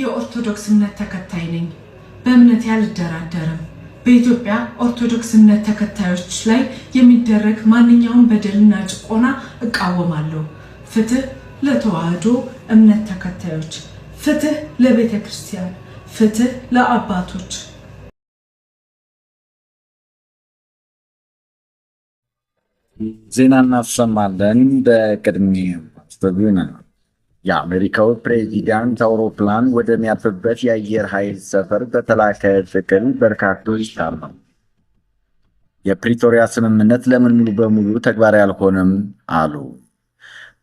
የኦርቶዶክስ እምነት ተከታይ ነኝ። በእምነቴ አልደራደርም። በኢትዮጵያ ኦርቶዶክስ እምነት ተከታዮች ላይ የሚደረግ ማንኛውም በደልና ጭቆና እቃወማለሁ። ፍትህ ለተዋህዶ እምነት ተከታዮች፣ ፍትህ ለቤተ ክርስቲያን፣ ፍትህ ለአባቶች። ዜና እናሰማለን። በቅድሚያ የአሜሪካው ፕሬዚዳንት አውሮፕላን ወደሚያርፍበት የአየር ኃይል ሰፈር በተላከ ጥቅል በርካቶች ታመሙ። የፕሪቶሪያ ስምምነት ለምን ሙሉ በሙሉ ተግባራዊ አልሆነም አሉ።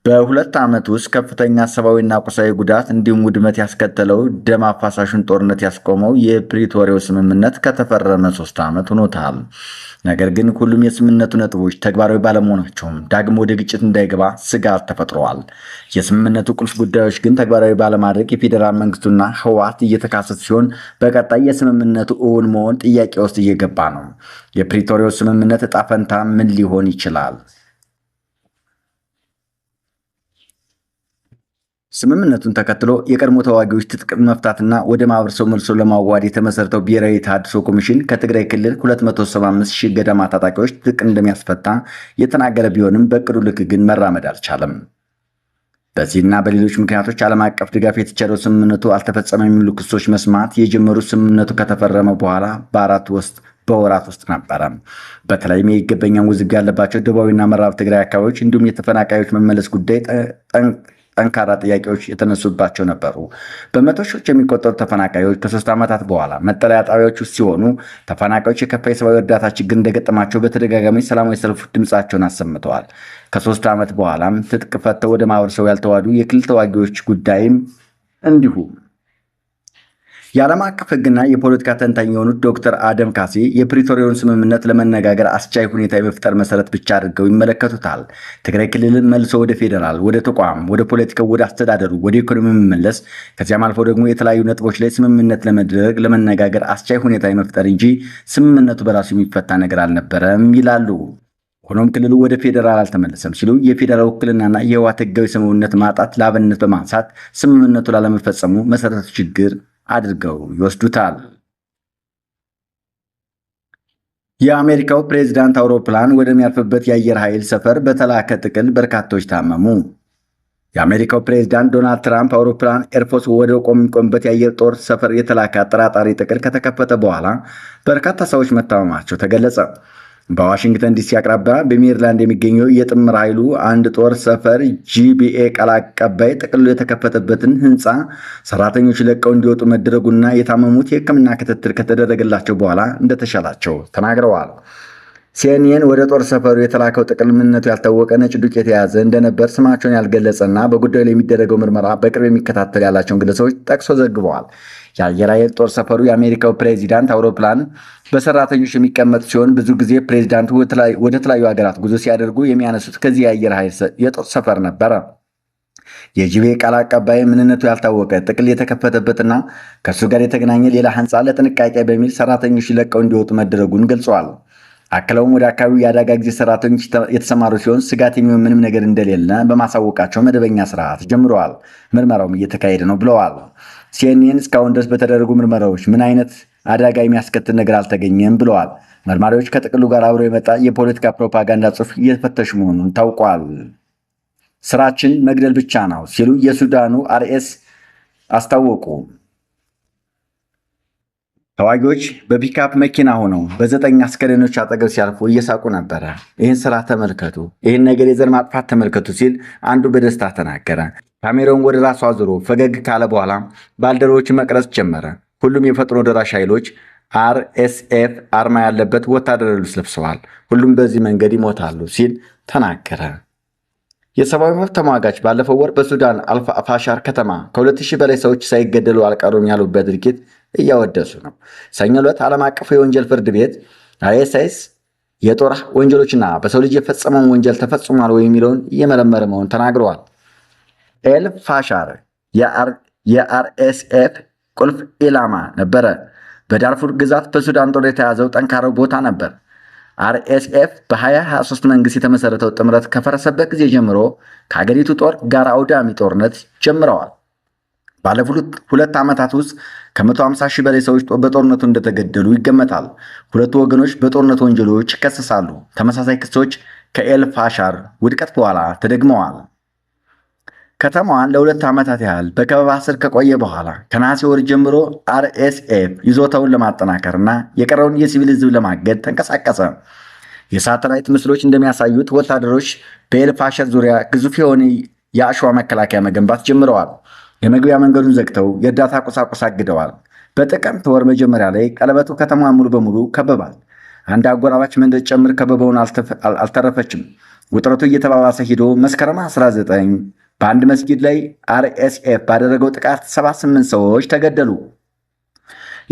በሁለት ዓመት ውስጥ ከፍተኛ ሰብአዊና ቁሳዊ ጉዳት እንዲሁም ውድመት ያስከተለው ደም አፋሳሹን ጦርነት ያስቆመው የፕሪቶሪያው ስምምነት ከተፈረመ ሶስት ዓመት ሆኖታል። ነገር ግን ሁሉም የስምምነቱ ነጥቦች ተግባራዊ ባለመሆናቸውም ዳግም ወደ ግጭት እንዳይገባ ስጋት ተፈጥረዋል። የስምምነቱ ቁልፍ ጉዳዮች ግን ተግባራዊ ባለማድረግ የፌዴራል መንግስቱና ህወሓት እየተካሰሱ ሲሆን በቀጣይ የስምምነቱ እውን መሆን ጥያቄ ውስጥ እየገባ ነው። የፕሪቶሪያው ስምምነት እጣ ፈንታ ምን ሊሆን ይችላል? ስምምነቱን ተከትሎ የቀድሞ ተዋጊዎች ትጥቅ መፍታትና ወደ ማህበረሰቡ መልሶ ለማዋድ የተመሰረተው ብሔራዊ ተሃድሶ ኮሚሽን ከትግራይ ክልል 275 ሺህ ገደማ ታጣቂዎች ትጥቅ እንደሚያስፈታ የተናገረ ቢሆንም በእቅዱ ልክ ግን መራመድ አልቻለም። በዚህና በሌሎች ምክንያቶች ዓለም አቀፍ ድጋፍ የተቸረው ስምምነቱ አልተፈጸመ የሚሉ ክሶች መስማት የጀመሩ ስምምነቱ ከተፈረመ በኋላ በአራት ውስጥ በወራት ውስጥ ነበረ። በተለይም የይገባኛል ውዝግብ ያለባቸው ደቡባዊና ምዕራብ ትግራይ አካባቢዎች እንዲሁም የተፈናቃዮች መመለስ ጉዳይ ጠንካራ ጥያቄዎች የተነሱባቸው ነበሩ። በመቶ ሺዎች የሚቆጠሩ ተፈናቃዮች ከሶስት ዓመታት በኋላ መጠለያ ጣቢያዎች ውስጥ ሲሆኑ ተፈናቃዮች የከፋ የሰብአዊ እርዳታ ችግር እንደገጠማቸው በተደጋጋሚ ሰላማዊ ሰልፍ ድምፃቸውን አሰምተዋል። ከሶስት ዓመት በኋላም ትጥቅ ፈተው ወደ ማህበረሰቡ ያልተዋዱ የክልል ተዋጊዎች ጉዳይም እንዲሁም። የዓለም አቀፍ ህግና የፖለቲካ ተንታኝ የሆኑት ዶክተር አደም ካሴ የፕሪቶሪያውን ስምምነት ለመነጋገር አስቻይ ሁኔታ የመፍጠር መሰረት ብቻ አድርገው ይመለከቱታል። ትግራይ ክልልን መልሶ ወደ ፌዴራል፣ ወደ ተቋም፣ ወደ ፖለቲካው፣ ወደ አስተዳደሩ፣ ወደ ኢኮኖሚ መመለስ ከዚያም አልፎ ደግሞ የተለያዩ ነጥቦች ላይ ስምምነት ለመድረግ ለመነጋገር አስቻይ ሁኔታ የመፍጠር እንጂ ስምምነቱ በራሱ የሚፈታ ነገር አልነበረም ይላሉ። ሆኖም ክልሉ ወደ ፌዴራል አልተመለሰም ሲሉ የፌዴራል ውክልናና የህወሓት ህጋዊ ስምምነት ማጣት ለአብነት በማንሳት ስምምነቱ ላለመፈጸሙ መሰረቱ ችግር አድርገው ይወስዱታል። የአሜሪካው ፕሬዝዳንት አውሮፕላን ወደሚያርፍበት የአየር ኃይል ሰፈር በተላከ ጥቅል በርካቶች ታመሙ። የአሜሪካው ፕሬዝዳንት ዶናልድ ትራምፕ አውሮፕላን ኤርፎርስ ወደ ቆሚቆምበት የአየር ጦር ሰፈር የተላከ አጠራጣሪ ጥቅል ከተከፈተ በኋላ በርካታ ሰዎች መታመማቸው ተገለጸ። በዋሽንግተን ዲሲ አቅራቢያ በሜሪላንድ የሚገኘው የጥምር ኃይሉ አንድ ጦር ሰፈር ጂቢኤ ቃል አቀባይ ጥቅልሎ የተከፈተበትን ህንፃ ሰራተኞች ለቀው እንዲወጡ መደረጉና የታመሙት የሕክምና ክትትል ከተደረገላቸው በኋላ እንደተሻላቸው ተናግረዋል። ሲኤንኤን ወደ ጦር ሰፈሩ የተላከው ጥቅል ምንነቱ ያልታወቀ ነጭ ዱቄት የያዘ እንደነበር ስማቸውን ያልገለጸና በጉዳዩ ላይ የሚደረገው ምርመራ በቅርብ የሚከታተል ያላቸውን ግለሰቦች ጠቅሶ ዘግበዋል። የአየር ኃይል ጦር ሰፈሩ የአሜሪካው ፕሬዚዳንት አውሮፕላን በሰራተኞች የሚቀመጥ ሲሆን ብዙ ጊዜ ፕሬዚዳንቱ ወደ ተለያዩ ሀገራት ጉዞ ሲያደርጉ የሚያነሱት ከዚህ የአየር ኃይል የጦር ሰፈር ነበረ። የጅቤ ቃል አቀባይ ምንነቱ ያልታወቀ ጥቅል የተከፈተበትና ከእሱ ጋር የተገናኘ ሌላ ህንፃ ለጥንቃቄ በሚል ሰራተኞች ለቀው እንዲወጡ መደረጉን ገልጸዋል። አክለውም ወደ አካባቢው የአደጋ ጊዜ ሰራተኞች የተሰማሩ ሲሆን ስጋት የሚሆን ምንም ነገር እንደሌለ በማሳወቃቸው መደበኛ ስርዓት ጀምረዋል። ምርመራውም እየተካሄደ ነው ብለዋል። ሲኤንኤን እስካሁን ድረስ በተደረጉ ምርመራዎች ምን አይነት አደጋ የሚያስከትል ነገር አልተገኘም ብለዋል። መርማሪዎች ከጥቅሉ ጋር አብሮ የመጣ የፖለቲካ ፕሮፓጋንዳ ጽሑፍ እየፈተሹ መሆኑን ታውቋል። ስራችን መግደል ብቻ ነው ሲሉ የሱዳኑ አርኤስ አስታወቁ። ተዋጊዎች በፒካፕ መኪና ሆነው በዘጠኝ አስከሬኖች አጠገብ ሲያልፉ እየሳቁ ነበረ። ይህን ስራ ተመልከቱ፣ ይህን ነገር የዘር ማጥፋት ተመልከቱ ሲል አንዱ በደስታ ተናገረ። ካሜራውን ወደ ራሱ አዙሮ ፈገግ ካለ በኋላ ባልደረቦች መቅረጽ ጀመረ። ሁሉም የፈጥኖ ደራሽ ኃይሎች አርኤስኤፍ አርማ ያለበት ወታደራዊ ልብስ ለብሰዋል። ሁሉም በዚህ መንገድ ይሞታሉ ሲል ተናገረ። የሰብአዊ መብት ተሟጋች ባለፈው ወር በሱዳን አልፋሻር ከተማ ከ2000 በላይ ሰዎች ሳይገደሉ አልቀሩም ያሉበት ድርጊት እያወደሱ ነው። ሰኞ ዕለት ዓለም አቀፉ የወንጀል ፍርድ ቤት አይኤስአይስ የጦር ወንጀሎችና በሰው ልጅ የፈጸመውን ወንጀል ተፈጽሟል ወይ የሚለውን እየመረመረ መሆን ተናግረዋል። ኤል ፋሻር የአርኤስኤፍ ቁልፍ ኢላማ ነበረ። በዳርፉር ግዛት በሱዳን ጦር የተያዘው ጠንካራው ቦታ ነበር። አርኤስኤፍ በ2023 መንግስት የተመሰረተው ጥምረት ከፈረሰበት ጊዜ ጀምሮ ከአገሪቱ ጦር ጋር አውዳሚ ጦርነት ጀምረዋል። ባለፉት ሁለት ዓመታት ውስጥ ከመቶ 150 ሺህ በላይ ሰዎች በጦርነቱ እንደተገደሉ ይገመታል። ሁለቱ ወገኖች በጦርነት ወንጀሎች ይከሰሳሉ። ተመሳሳይ ክሶች ከኤልፋሻር ውድቀት በኋላ ተደግመዋል። ከተማዋን ለሁለት ዓመታት ያህል በከበባ ስር ከቆየ በኋላ ከነሐሴ ወር ጀምሮ አርኤስኤፍ ይዞታውን ለማጠናከር እና የቀረውን የሲቪል ህዝብ ለማገድ ተንቀሳቀሰ። የሳተላይት ምስሎች እንደሚያሳዩት ወታደሮች በኤልፋሸር ዙሪያ ግዙፍ የሆነ የአሸዋ መከላከያ መገንባት ጀምረዋል። የመግቢያ መንገዱን ዘግተው የእርዳታ ቁሳቁስ አግደዋል። በጥቅምት ወር መጀመሪያ ላይ ቀለበቱ ከተማ ሙሉ በሙሉ ከበባል። አንድ አጎራባች መንደር ጨምር ከበበውን አልተረፈችም። ውጥረቱ እየተባባሰ ሂዶ መስከረም 19 በአንድ መስጊድ ላይ አርኤስኤፍ ባደረገው ጥቃት 78 ሰዎች ተገደሉ።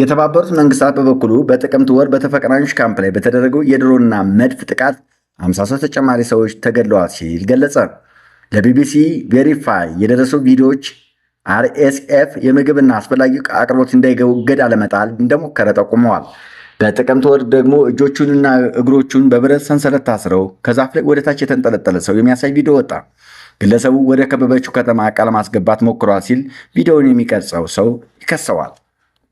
የተባበሩት መንግስታት በበኩሉ በጥቅምት ወር በተፈናቃዮች ካምፕ ላይ በተደረገው የድሮና መድፍ ጥቃት 53 ተጨማሪ ሰዎች ተገድለዋል ሲል ገለጸ። ለቢቢሲ ቬሪፋይ የደረሰው ቪዲዮዎች አርኤስኤፍ የምግብና አስፈላጊ አቅርቦት እንዳይገቡ ለመጣል እንደሞከረ ጠቁመዋል። በጥቅምት ወር ደግሞ እጆቹንና እግሮቹን በብረት ሰንሰለት ታስረው ከዛፍ ላይ ወደታች የተንጠለጠለ ሰው የሚያሳይ ቪዲዮ ወጣ። ግለሰቡ ወደ ከበበችው ከተማ ዕቃ ለማስገባት ሞክሯል ሲል ቪዲዮውን የሚቀርጸው ሰው ይከሰዋል።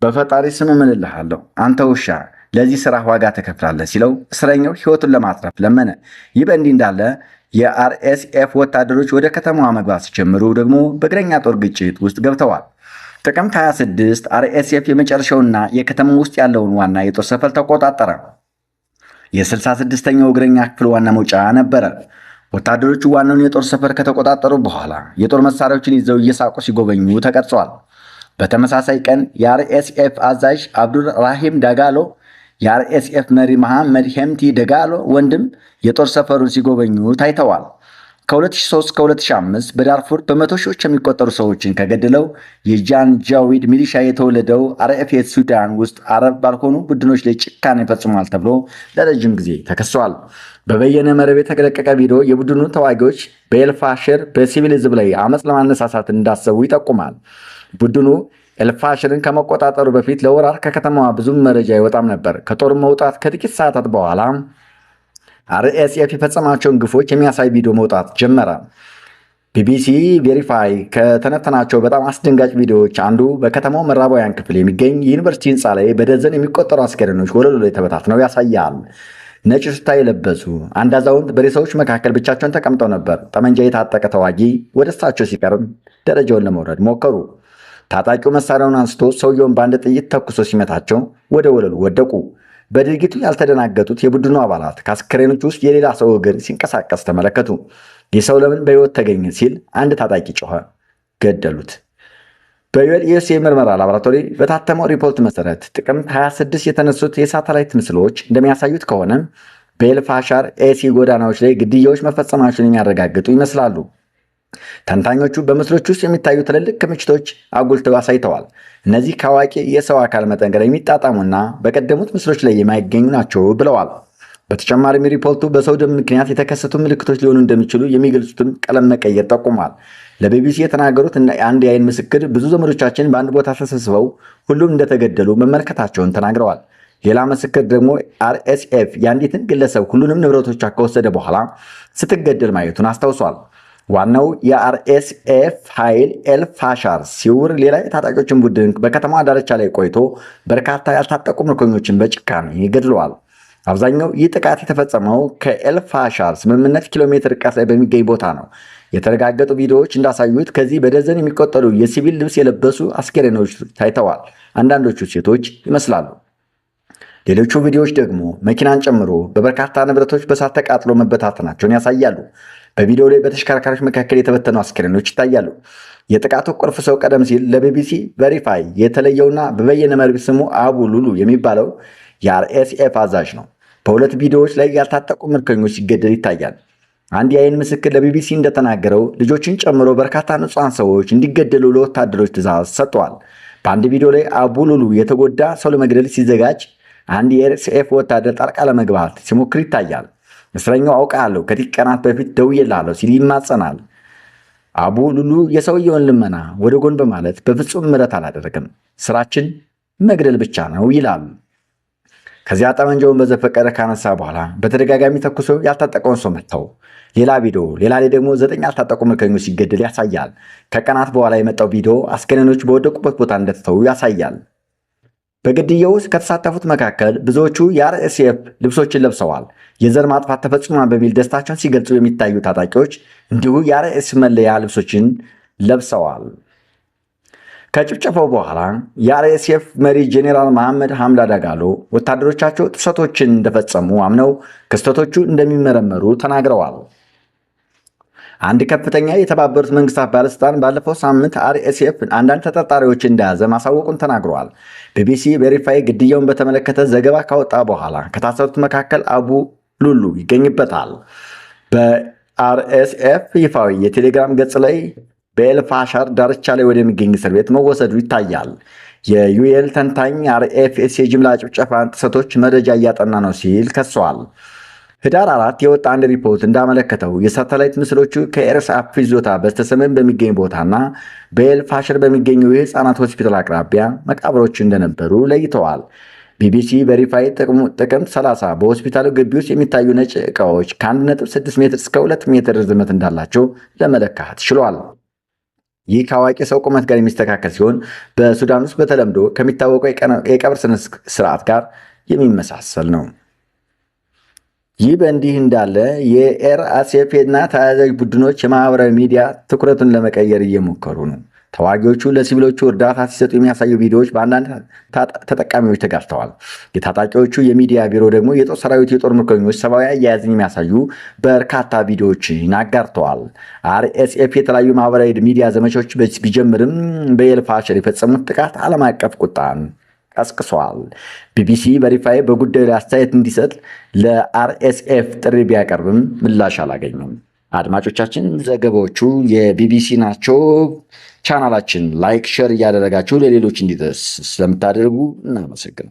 በፈጣሪ ስም እምልልሃለሁ አንተ ውሻ ለዚህ ስራ ዋጋ ተከፍላለህ ሲለው እስረኛው ሕይወቱን ለማትረፍ ለመነ። ይህ በእንዲህ እንዳለ የአርኤስኤፍ ወታደሮች ወደ ከተማዋ መግባት ሲጀምሩ ደግሞ በእግረኛ ጦር ግጭት ውስጥ ገብተዋል። ጥቅምት 26 አርኤስኤፍ የመጨረሻውና የከተማ ውስጥ ያለውን ዋና የጦር ሰፈር ተቆጣጠረ። የ66ኛው እግረኛ ክፍል ዋና መውጫ ነበረ። ወታደሮቹ ዋናውን የጦር ሰፈር ከተቆጣጠሩ በኋላ የጦር መሳሪያዎችን ይዘው እየሳቁ ሲጎበኙ ተቀርጸዋል። በተመሳሳይ ቀን የአርኤስኤፍ አዛዥ አብዱል ራሂም ዳጋሎ የአርኤስኤፍ መሪ መሐመድ ሄምቲ ደጋሎ ወንድም የጦር ሰፈሩን ሲጎበኙ ታይተዋል። ከ2003 ከ2005 በዳርፉር በመቶ ሺዎች የሚቆጠሩ ሰዎችን ከገደለው የጃን ጃዊድ ሚሊሻ የተወለደው አርኤፍኤ ሱዳን ውስጥ አረብ ባልሆኑ ቡድኖች ላይ ጭካኔ ፈጽሟል ተብሎ ለረጅም ጊዜ ተከሷል። በበየነ መረብ የተለቀቀ ቪዲዮ የቡድኑ ተዋጊዎች በኤልፋሽር በሲቪል ህዝብ ላይ አመፅ ለማነሳሳት እንዳሰቡ ይጠቁማል። ቡድኑ ኤልፋሽርን ከመቆጣጠሩ በፊት ለወራር ከከተማዋ ብዙም መረጃ አይወጣም ነበር። ከጦር መውጣት ከጥቂት ሰዓታት በኋላ አርኤስኤፍ የፈጸማቸውን ግፎች የሚያሳይ ቪዲዮ መውጣት ጀመረ። ቢቢሲ ቬሪፋይ ከተነተናቸው በጣም አስደንጋጭ ቪዲዮዎች አንዱ በከተማው ምዕራባውያን ክፍል የሚገኝ የዩኒቨርሲቲ ህንፃ ላይ በደዘን የሚቆጠሩ አስከሬኖች ወለሉ ላይ ተበታትነው ያሳያል። ነጭ ቱታ የለበሱ አንድ አዛውንት በሬሳዎች መካከል ብቻቸውን ተቀምጠው ነበር። ጠመንጃ የታጠቀ ተዋጊ ወደ እሳቸው ሲቀርም ደረጃውን ለመውረድ ሞከሩ። ታጣቂው መሳሪያውን አንስቶ ሰውየውን በአንድ ጥይት ተኩሶ ሲመታቸው ወደ ወለሉ ወደቁ። በድርጊቱ ያልተደናገጡት የቡድኑ አባላት ከአስከሬኖች ውስጥ የሌላ ሰው እግር ሲንቀሳቀስ ተመለከቱ። ይህ ሰው ለምን በሕይወት ተገኘ ሲል አንድ ታጣቂ ጮኸ። ገደሉት። በዩኤልኤስ የምርመራ ላቦራቶሪ በታተመው ሪፖርት መሰረት ጥቅምት 26 የተነሱት የሳተላይት ምስሎች እንደሚያሳዩት ከሆነ በኤልፋሻር ኤሲ ጎዳናዎች ላይ ግድያዎች መፈጸማቸውን የሚያረጋግጡ ይመስላሉ። ተንታኞቹ በምስሎች ውስጥ የሚታዩ ትልልቅ ክምችቶች አጉልተው አሳይተዋል። እነዚህ ከአዋቂ የሰው አካል መጠን ጋር የሚጣጣሙና በቀደሙት ምስሎች ላይ የማይገኙ ናቸው ብለዋል። በተጨማሪም ሪፖርቱ በሰው ደም ምክንያት የተከሰቱ ምልክቶች ሊሆኑ እንደሚችሉ የሚገልጹትን ቀለም መቀየር ጠቁሟል። ለቢቢሲ የተናገሩት አንድ የአይን ምስክር ብዙ ዘመዶቻችን በአንድ ቦታ ተሰብስበው ሁሉም እንደተገደሉ መመልከታቸውን ተናግረዋል። ሌላ ምስክር ደግሞ አርኤስኤፍ የአንዲትን ግለሰብ ሁሉንም ንብረቶቿ ከወሰደ በኋላ ስትገደል ማየቱን አስታውሷል። ዋናው የአርኤስኤፍ ኃይል ኤልፋሻር ሲውር ሌላ የታጣቂዎችን ቡድን በከተማዋ ዳርቻ ላይ ቆይቶ በርካታ ያልታጠቁ ምርኮኞችን በጭካኔ ገድለዋል። አብዛኛው ይህ ጥቃት የተፈጸመው ከኤልፋሻር 8 ኪሎ ሜትር ርቀት ላይ በሚገኝ ቦታ ነው። የተረጋገጡ ቪዲዮዎች እንዳሳዩት ከዚህ በደዘን የሚቆጠሩ የሲቪል ልብስ የለበሱ አስከሬኖች ታይተዋል። አንዳንዶቹ ሴቶች ይመስላሉ። ሌሎቹ ቪዲዮዎች ደግሞ መኪናን ጨምሮ በበርካታ ንብረቶች በእሳት ተቃጥሎ መበታተናቸውን ያሳያሉ። በቪዲዮ ላይ በተሽከርካሪዎች መካከል የተበተኑ አስክሬኖች ይታያሉ። የጥቃቱ ቁልፍ ሰው ቀደም ሲል ለቢቢሲ ቬሪፋይ የተለየውና በበየነ መርቢ ስሙ አቡ ሉሉ የሚባለው የአርኤስኤፍ አዛዥ ነው። በሁለት ቪዲዮዎች ላይ ያልታጠቁ ምርኮኞች ሲገደል ይታያል። አንድ የአይን ምስክር ለቢቢሲ እንደተናገረው ልጆችን ጨምሮ በርካታ ንጹሐን ሰዎች እንዲገደሉ ለወታደሮች ትዛዝ ሰጥተዋል። በአንድ ቪዲዮ ላይ አቡ ሉሉ የተጎዳ ሰው ለመግደል ሲዘጋጅ አንድ የኤስኤፍ ወታደር ጣልቃ ለመግባት ሲሞክር ይታያል። እስረኛው አውቃለሁ ከጥቂት ቀናት በፊት ደውዬልሃለሁ ሲል ይማጸናል። አቡ ሉሉ የሰውየውን ልመና ወደ ጎን በማለት በፍጹም ምረት አላደረግም፣ ስራችን መግደል ብቻ ነው ይላል። ከዚያ ጠመንጃውን በዘፈቀደ ካነሳ በኋላ በተደጋጋሚ ተኩሶ ያልታጠቀውን ሰው መጥተው ሌላ ቪዲዮ፣ ሌላ ላይ ደግሞ ዘጠኝ ያልታጠቁ ምርኮኞች ሲገደል ያሳያል። ከቀናት በኋላ የመጣው ቪዲዮ አስገነኖች በወደቁበት ቦታ እንደተተዉ ያሳያል። በግድያ ውስጥ ከተሳተፉት መካከል ብዙዎቹ የአርኤስኤፍ ልብሶችን ለብሰዋል። የዘር ማጥፋት ተፈጽሟል በሚል ደስታቸውን ሲገልጹ የሚታዩ ታጣቂዎች እንዲሁ የአርኤስ መለያ ልብሶችን ለብሰዋል። ከጭፍጨፋው በኋላ የአርኤስኤፍ መሪ ጄኔራል መሐመድ ሐምድ አዳጋሎ ወታደሮቻቸው ጥሰቶችን እንደፈጸሙ አምነው ክስተቶቹ እንደሚመረመሩ ተናግረዋል። አንድ ከፍተኛ የተባበሩት መንግስታት ባለስልጣን ባለፈው ሳምንት አርኤስኤፍ አንዳንድ ተጠርጣሪዎች እንደያዘ ማሳወቁን ተናግረዋል። ቢቢሲ ቬሪፋይ ግድያውን በተመለከተ ዘገባ ካወጣ በኋላ ከታሰሩት መካከል አቡ ሉሉ ይገኝበታል። በአርኤስኤፍ ይፋዊ የቴሌግራም ገጽ ላይ በኤልፋሻር ዳርቻ ላይ ወደሚገኝ እስር ቤት መወሰዱ ይታያል። የዩኤል ተንታኝ አርኤፍኤስ የጅምላ ጭፍጨፋ ጥሰቶች መረጃ እያጠና ነው ሲል ከሰዋል። ህዳር አራት የወጣ አንድ ሪፖርት እንዳመለከተው የሳተላይት ምስሎቹ ከኤርስአፕ ይዞታ በስተሰሜን በሚገኝ ቦታና በኤል ፋሽር በሚገኘው የህፃናት ሆስፒታል አቅራቢያ መቃብሮች እንደነበሩ ለይተዋል። ቢቢሲ ቬሪፋይ ጥቅምት 30 በሆስፒታሉ ግቢ ውስጥ የሚታዩ ነጭ ዕቃዎች ከ1.6 ሜትር እስከ 2 ሜትር ርዝመት እንዳላቸው ለመለካት ችሏል። ይህ ከአዋቂ ሰው ቁመት ጋር የሚስተካከል ሲሆን በሱዳን ውስጥ በተለምዶ ከሚታወቀው የቀብር ስነ ስርዓት ጋር የሚመሳሰል ነው። ይህ በእንዲህ እንዳለ የኤርአሴፌና ተያያዥ ቡድኖች የማህበራዊ ሚዲያ ትኩረቱን ለመቀየር እየሞከሩ ነው። ተዋጊዎቹ ለሲቪሎቹ እርዳታ ሲሰጡ የሚያሳዩ ቪዲዮዎች በአንዳንድ ተጠቃሚዎች ተጋርተዋል። የታጣቂዎቹ የሚዲያ ቢሮ ደግሞ የጦር ሰራዊት የጦር ምርኮኞች ሰብአዊ አያያዝን የሚያሳዩ በርካታ ቪዲዮዎችን አጋርተዋል። አርኤስኤፍ የተለያዩ ማህበራዊ ሚዲያ ዘመቻዎች ቢጀምርም በኤልፋሸር የፈጸሙት ጥቃት ዓለም አቀፍ ቁጣን ቀስቅሷል ቢቢሲ በሪፋይ በጉዳዩ ላይ አስተያየት እንዲሰጥ ለአርኤስኤፍ ጥሪ ቢያቀርብም ምላሽ አላገኙም። አድማጮቻችን ዘገባዎቹ የቢቢሲ ናቸው። ቻናላችን ላይክ፣ ሸር እያደረጋችሁ ለሌሎች እንዲደርስ ስለምታደርጉ እናመሰግናል።